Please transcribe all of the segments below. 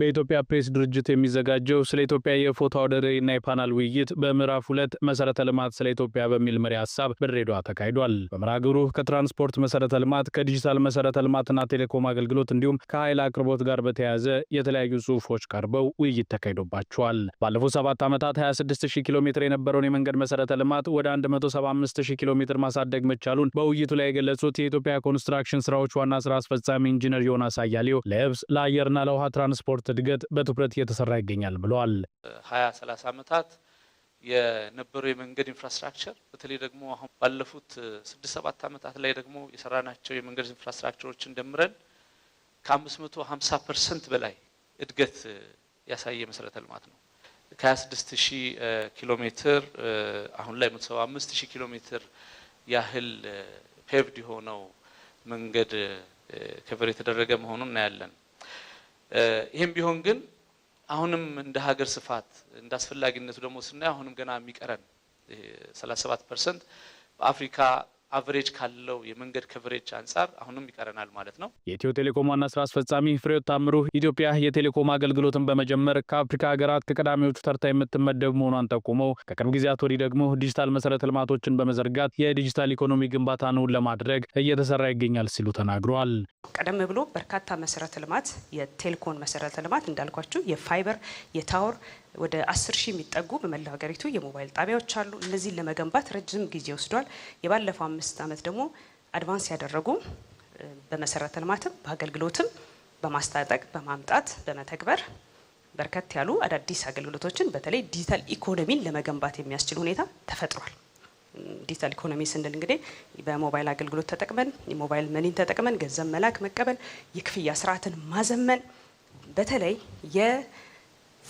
በኢትዮጵያ ፕሬስ ድርጅት የሚዘጋጀው ስለ ኢትዮጵያ የፎቶ አውደ እና የፓናል ውይይት በምዕራፍ ሁለት መሰረተ ልማት ስለ ኢትዮጵያ በሚል መሪ ሀሳብ በድሬዳዋ ተካሂዷል። በመርሃ ግብሩ ከትራንስፖርት መሰረተ ልማት፣ ከዲጂታል መሰረተ ልማትና ቴሌኮም አገልግሎት እንዲሁም ከኃይል አቅርቦት ጋር በተያያዘ የተለያዩ ጽሁፎች ቀርበው ውይይት ተካሂዶባቸዋል። ባለፉት ሰባት ዓመታት 260 ኪሎ ሜትር የነበረውን የመንገድ መሰረተ ልማት ወደ 175000 ኪሎ ሜትር ማሳደግ መቻሉን በውይይቱ ላይ የገለጹት የኢትዮጵያ ኮንስትራክሽን ስራዎች ዋና ስራ አስፈጻሚ ኢንጂነር ዮናስ አያሌው ለየብስ ለአየርና ለውሃ ትራንስፖርት እድገት በትኩረት እየተሰራ ይገኛል ብለዋል። ሀያ ሰላሳ ዓመታት የነበረው የመንገድ ኢንፍራስትራክቸር በተለይ ደግሞ አሁን ባለፉት ስድስት ሰባት ዓመታት ላይ ደግሞ የሰራናቸው የመንገድ ኢንፍራስትራክቸሮችን ደምረን ከአምስት መቶ ሀምሳ ፐርሰንት በላይ እድገት ያሳየ መሰረተ ልማት ነው። ከ26 ሺህ ኪሎ ሜትር አሁን ላይ አምስት ሺህ ኪሎ ሜትር ያህል ፔቭድ የሆነው መንገድ ከቨር የተደረገ መሆኑን እናያለን። ይህም ቢሆን ግን አሁንም እንደ ሀገር ስፋት እንደ አስፈላጊነቱ ደግሞ ስናይ አሁንም ገና የሚቀረን 37 ፐርሰንት በአፍሪካ አቨሬጅ ካለው የመንገድ ከቨሬጅ አንጻር አሁንም ይቀረናል ማለት ነው። የኢትዮ ቴሌኮም ዋና ስራ አስፈጻሚ ፍሬሕይወት ታምሩ ኢትዮጵያ የቴሌኮም አገልግሎትን በመጀመር ከአፍሪካ ሀገራት ከቀዳሚዎቹ ተርታ የምትመደብ መሆኗን ጠቁመው ከቅርብ ጊዜያት ወዲህ ደግሞ ዲጂታል መሰረተ ልማቶችን በመዘርጋት የዲጂታል ኢኮኖሚ ግንባታ ነውን ለማድረግ እየተሰራ ይገኛል ሲሉ ተናግረዋል። ቀደም ብሎ በርካታ መሰረተ ልማት የቴሌኮም መሰረተ ልማት እንዳልኳችሁ የፋይበር የታወር ወደ አስር ሺህ የሚጠጉ በመላው ሀገሪቱ የሞባይል ጣቢያዎች አሉ። እነዚህን ለመገንባት ረጅም ጊዜ ወስዷል። የባለፈው አምስት ዓመት ደግሞ አድቫንስ ያደረጉ በመሰረተ ልማትም በአገልግሎትም በማስታጠቅ በማምጣት በመተግበር በርከት ያሉ አዳዲስ አገልግሎቶችን በተለይ ዲጂታል ኢኮኖሚን ለመገንባት የሚያስችል ሁኔታ ተፈጥሯል። ዲጂታል ኢኮኖሚ ስንል እንግዲህ በሞባይል አገልግሎት ተጠቅመን የሞባይል መኒን ተጠቅመን ገንዘብ መላክ መቀበል፣ የክፍያ ስርዓትን ማዘመን በተለይ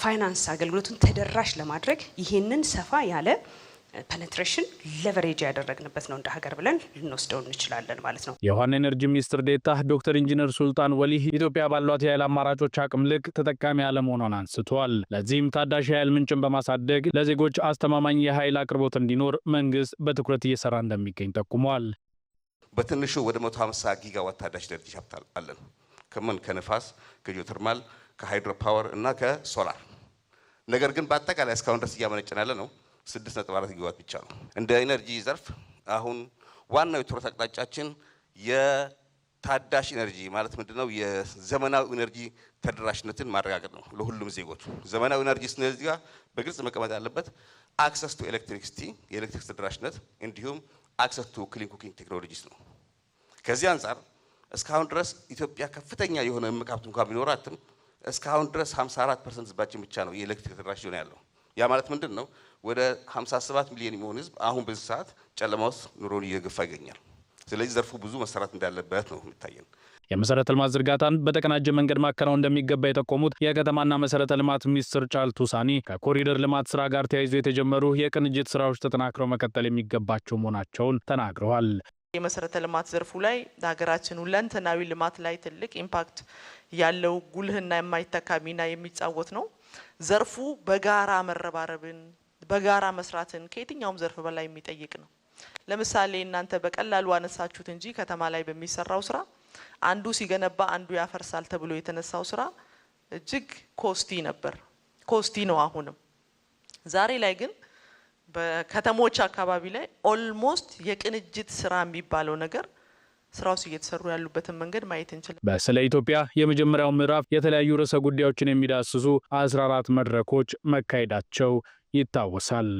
ፋይናንስ አገልግሎቱን ተደራሽ ለማድረግ ይሄንን ሰፋ ያለ ፔኔትሬሽን ለቨሬጅ ያደረግንበት ነው እንደ ሀገር ብለን ልንወስደው እንችላለን ማለት ነው። የውሃና ኤነርጂ ሚኒስትር ዴታ ዶክተር ኢንጂነር ሱልጣን ወሊህ ኢትዮጵያ ባሏት የኃይል አማራጮች አቅም ልክ ተጠቃሚ አለመሆኗን አንስተዋል። ለዚህም ታዳሽ የኃይል ምንጭን በማሳደግ ለዜጎች አስተማማኝ የኃይል አቅርቦት እንዲኖር መንግስት በትኩረት እየሰራ እንደሚገኝ ጠቁሟል። በትንሹ ወደ 150 ጊጋዋት ታዳሽ ኤነርጂ ሀብት አለን ከምን ከንፋስ ከጂኦተርማል ከሃይድሮ ፓወር እና ከሶላር ነገር ግን በአጠቃላይ እስካሁን ድረስ እያመነጨን ያለ ነው 6.4 ጊዋት ብቻ ነው። እንደ ኢነርጂ ዘርፍ አሁን ዋናው የትኩረት አቅጣጫችን የታዳሽ ኢነርጂ ማለት ምንድነው? የዘመናዊ ኢነርጂ ተደራሽነትን ማረጋገጥ ነው ለሁሉም ዜጎች። ዘመናዊ ኢነርጂ ስንል ጋር በግልጽ መቀመጥ ያለበት አክሰስ ቱ ኤሌክትሪክሲቲ የኤሌክትሪክ ተደራሽነት፣ እንዲሁም አክሰስ ቱ ክሊን ኩኪንግ ቴክኖሎጂስ ነው። ከዚህ አንጻር እስካሁን ድረስ ኢትዮጵያ ከፍተኛ የሆነ እምቅ ሀብት እንኳን ቢኖራትም እስካሁን ድረስ 54 ፐርሰንት ህዝባችን ብቻ ነው የኤሌክትሪክ ተደራሽ ሆነ ያለው። ያ ማለት ምንድን ነው? ወደ 57 ሚሊዮን የሚሆን ህዝብ አሁን በዚህ ሰዓት ጨለማ ውስጥ ኑሮን እየገፋ ይገኛል። ስለዚህ ዘርፉ ብዙ መሰራት እንዳለበት ነው የሚታየን። የመሰረተ ልማት ዝርጋታን በተቀናጀ መንገድ ማከናወን እንደሚገባ የጠቆሙት የከተማና መሰረተ ልማት ሚኒስትር ጫልቱ ሳኒ ከኮሪደር ልማት ስራ ጋር ተያይዞ የተጀመሩ የቅንጅት ስራዎች ተጠናክረው መቀጠል የሚገባቸው መሆናቸውን ተናግረዋል። የመሰረተ ልማት ዘርፉ ላይ ሀገራችን ሁለንተናዊ ልማት ላይ ትልቅ ኢምፓክት ያለው ጉልህና የማይተካ ሚና የሚጫወት ነው። ዘርፉ በጋራ መረባረብን፣ በጋራ መስራትን ከየትኛውም ዘርፍ በላይ የሚጠይቅ ነው። ለምሳሌ እናንተ በቀላሉ አነሳችሁት እንጂ ከተማ ላይ በሚሰራው ስራ አንዱ ሲገነባ አንዱ ያፈርሳል ተብሎ የተነሳው ስራ እጅግ ኮስቲ ነበር፣ ኮስቲ ነው አሁንም። ዛሬ ላይ ግን በከተሞች አካባቢ ላይ ኦልሞስት የቅንጅት ስራ የሚባለው ነገር ስራ ውስጥ እየተሰሩ ያሉበትን መንገድ ማየት እንችላል። በስለ ኢትዮጵያ የመጀመሪያው ምዕራፍ የተለያዩ ርዕሰ ጉዳዮችን የሚዳስሱ አስራ አራት መድረኮች መካሄዳቸው ይታወሳል።